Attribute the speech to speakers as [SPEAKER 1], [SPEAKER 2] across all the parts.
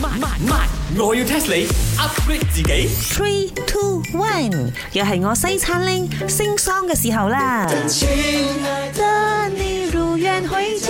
[SPEAKER 1] 慢慢慢，我要 Test 你，upgrade 自己。Three, two, one，又係我西餐拎。升桑嘅時候啦。親愛的，你如願回家。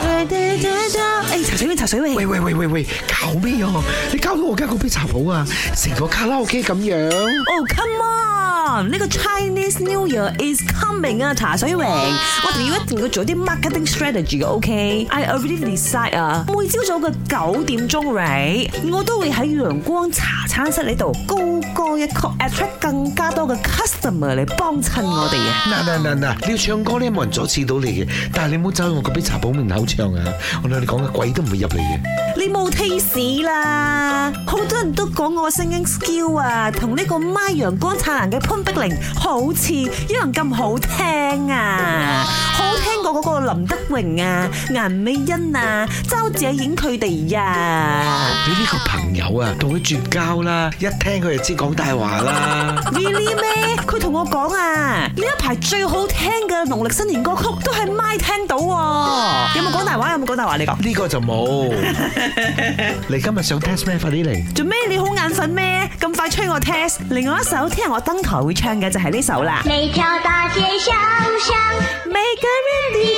[SPEAKER 1] 快點點到，哎，欸、
[SPEAKER 2] 茶水尾，茶水尾。喂喂喂喂喂，搞咩呀？你搞到我而家個杯茶冇啊，
[SPEAKER 1] 成個卡拉 OK 咁樣。Oh come on! 呢個 Chinese New Year is coming 啊，茶水榮，我哋一定要做啲 marketing strategy 嘅，OK？I already decide 啊，每朝早嘅九點鐘，right，我都會喺陽光茶餐室呢度高歌一曲，attract 更加多嘅 customer 嚟幫襯我哋啊！
[SPEAKER 2] 嗱嗱嗱嗱，你要唱歌咧，冇人阻止到你嘅，但係你唔好走去我個杯茶鋪門口唱啊！我同你講嘅鬼都唔會入嚟嘅。
[SPEAKER 1] 你冇 taste 啦，好多人都講我聲音 skill 啊，同呢個 my 陽光燦爛嘅鋪。碧玲好似一樣咁好聽啊！吳德榮啊，顏美欣啊，周姐演佢哋呀！你呢個朋
[SPEAKER 2] 友啊，同佢絕交啦！一聽佢就知講大話啦
[SPEAKER 1] ！Really 咩？佢同我講啊，呢一排最好聽嘅農曆新年歌曲都係咪聽到？有冇講大話？有冇講大話？你講
[SPEAKER 2] 呢個就冇。你今日想 test 咩？快啲嚟！
[SPEAKER 1] 做咩？你好眼瞓咩？咁快催我 test？另外一首聽日我登台會唱嘅就係呢首啦。每條大街小巷，每個人。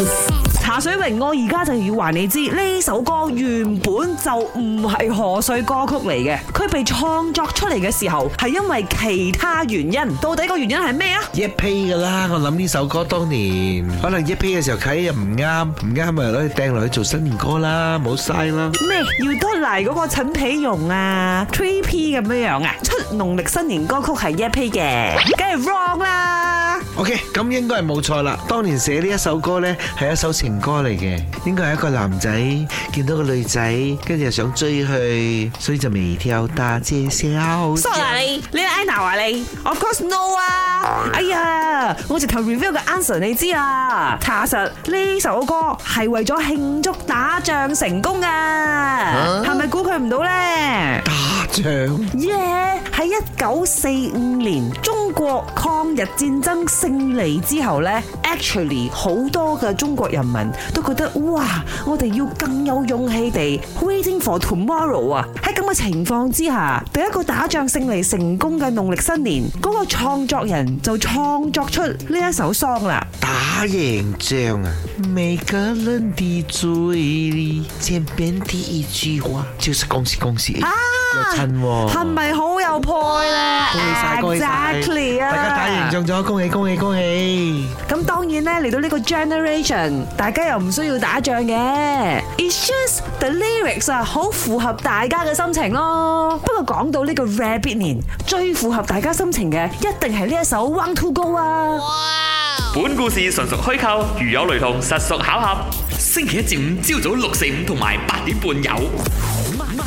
[SPEAKER 1] 水榮，我而家就要話你知，呢首歌原本就唔係賀歲歌曲嚟嘅，佢被創作出嚟嘅時候係因為其他原因。到底個原因係咩啊？
[SPEAKER 2] 一 P 噶啦，我諗呢首歌當年可能一 P 嘅時候睇又唔啱，唔啱咪攞去掟落去做新年歌啦，冇嘥啦。
[SPEAKER 1] 咩要出嚟嗰個陳皮蓉啊？Three P 咁樣樣啊？出農曆新年歌曲係一 P 嘅，梗係 wrong 啦。
[SPEAKER 2] OK，咁應該係冇錯啦。當年寫呢一首歌咧，係一首情歌嚟嘅，應該係一個男仔見到個女仔，跟住又想追佢，所以就微跳大遮笑。Sorry
[SPEAKER 1] 你，你安啊話你？Of course no 啊！啊哎呀，我直頭 review 個 answer，你知啊！查實呢首歌係為咗慶祝打仗成功啊係咪？仗耶喺一九四五年中國抗日戰爭勝利之後呢 actually 好多嘅中國人民都覺得哇，我哋要更有勇氣地 waiting for tomorrow 啊！喺咁嘅情況之下，第一個打仗勝利成功嘅農曆新年，嗰個創作人就創作出呢一首 song 啦。打
[SPEAKER 2] 贏仗啊！
[SPEAKER 1] 每個人的
[SPEAKER 2] 嘴裏見面第一句話就是恭喜恭喜、a。Ah!
[SPEAKER 1] 係咪好有配咧？恭喜晒！Exactly 啊！大家打贏仗咗，恭喜恭喜恭喜！咁當然咧，嚟到呢個 generation，大家又唔需要打仗嘅。It's just the lyrics 啊，好符合大家嘅心情咯。不過講到呢個 Rabbit 年，最符合大家心情嘅，一定係呢一首 One Two Go 啊！本故事純屬虛構，如有雷同，實屬巧合。星期一至五朝早六四五同埋八點半有。